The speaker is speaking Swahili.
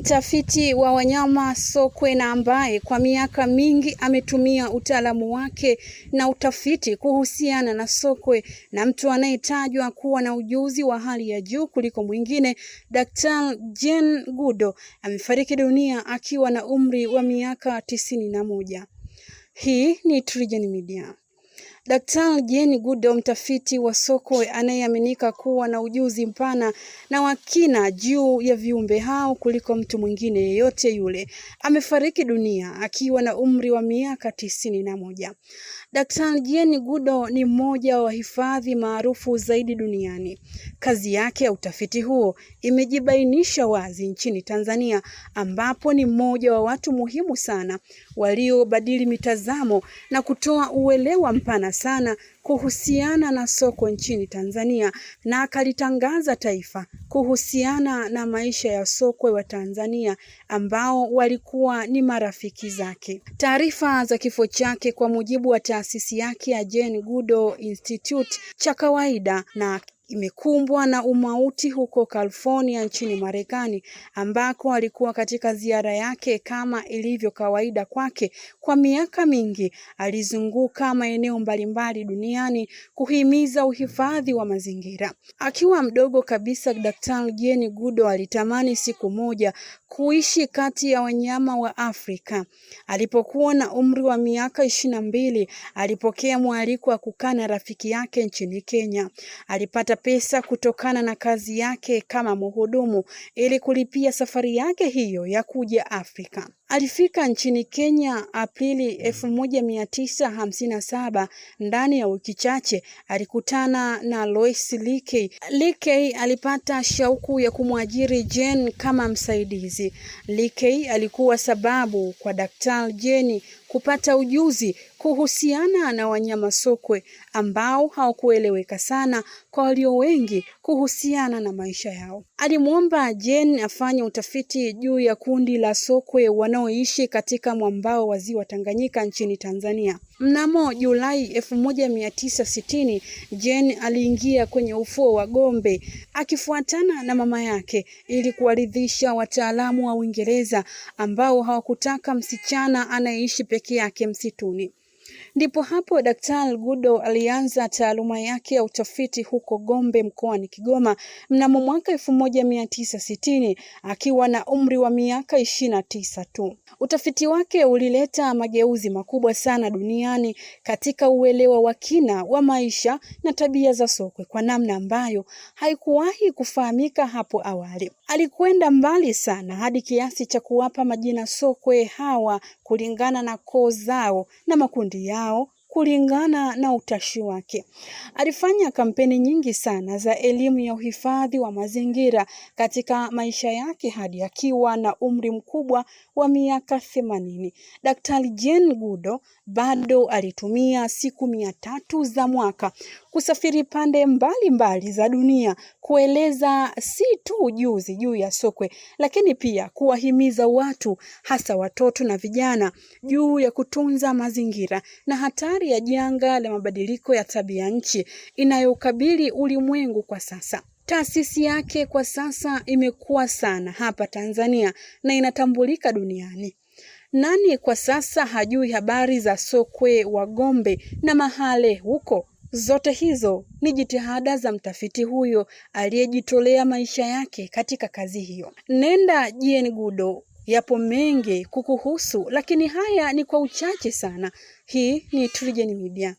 Mtafiti wa wanyama sokwe na ambaye kwa miaka mingi ametumia utaalamu wake na utafiti kuhusiana na sokwe na mtu anayetajwa kuwa na ujuzi wa hali ya juu kuliko mwingine, Dr. Jane gudo amefariki dunia akiwa na umri wa miaka tisini na moja. Hii ni TriGen Media. Daktari Jane Goodall, mtafiti wa soko anayeaminika kuwa na ujuzi mpana na wa kina juu ya viumbe hao kuliko mtu mwingine yeyote yule, amefariki dunia akiwa na umri wa miaka tisini na moja. Daktari Jane Goodall ni mmoja wa hifadhi maarufu zaidi duniani. Kazi yake ya utafiti huo imejibainisha wazi nchini Tanzania, ambapo ni mmoja wa watu muhimu sana waliobadili mitazamo na kutoa uelewa mpana sana kuhusiana na soko nchini Tanzania na akalitangaza taifa kuhusiana na maisha ya sokwe wa Tanzania ambao walikuwa ni marafiki zake. Taarifa za kifo chake kwa mujibu wa taasisi yake ya Jane Goodall Institute cha kawaida na imekumbwa na umauti huko California nchini Marekani ambako alikuwa katika ziara yake. Kama ilivyo kawaida kwake, kwa miaka mingi alizunguka maeneo mbalimbali duniani kuhimiza uhifadhi wa mazingira. Akiwa mdogo kabisa, Daktari Jane Goodall alitamani siku moja kuishi kati ya wanyama wa Afrika. Alipokuwa na umri wa miaka ishirini na mbili alipokea mwaliko wa kukaa na rafiki yake nchini Kenya. Alipata pesa kutokana na kazi yake kama mhudumu ili kulipia safari yake hiyo ya kuja Afrika. Alifika nchini Kenya Aprili 1957. Mm. Ndani ya wiki chache alikutana na Lois Leakey. Leakey alipata shauku ya kumwajiri Jane kama msaidizi. Leakey alikuwa sababu kwa Daktari Jane kupata ujuzi kuhusiana na wanyama sokwe ambao hawakueleweka sana kwa walio wengi kuhusiana na maisha yao. Alimwomba Jane afanye utafiti juu ya kundi la sokwe wanao wanaoishi katika mwambao wa ziwa Tanganyika nchini Tanzania. Mnamo Julai 1960 Jane aliingia kwenye ufuo wa Gombe akifuatana na mama yake ili kuwaridhisha wataalamu wa Uingereza ambao hawakutaka msichana anayeishi peke yake msituni. Ndipo hapo Daktari Gudo alianza taaluma yake ya utafiti huko Gombe mkoani Kigoma mnamo mwaka elfu moja mia tisa sitini akiwa na umri wa miaka ishirini na tisa tu. Utafiti wake ulileta mageuzi makubwa sana duniani katika uelewa wa kina wa maisha na tabia za sokwe kwa namna ambayo haikuwahi kufahamika hapo awali. Alikwenda mbali sana hadi kiasi cha kuwapa majina sokwe hawa kulingana na koo zao na makundi yao yao kulingana na utashi wake. Alifanya kampeni nyingi sana za elimu ya uhifadhi wa mazingira katika maisha yake hadi akiwa na umri mkubwa wa miaka themanini. Daktari Jane Goodall bado alitumia siku mia tatu za mwaka kusafiri pande mbalimbali mbali za dunia kueleza si tu ujuzi juu ya sokwe, lakini pia kuwahimiza watu hasa watoto na vijana juu ya kutunza mazingira na hatari ya janga la mabadiliko ya tabia nchi inayokabili ulimwengu kwa sasa. Taasisi yake kwa sasa imekuwa sana hapa Tanzania na inatambulika duniani. Nani kwa sasa hajui habari za sokwe, wagombe na mahale huko? Zote hizo ni jitihada za mtafiti huyo aliyejitolea maisha yake katika kazi hiyo. Nenda Jane Goodall Yapo mengi kukuhusu, lakini haya ni kwa uchache sana. Hii ni Trigen Media.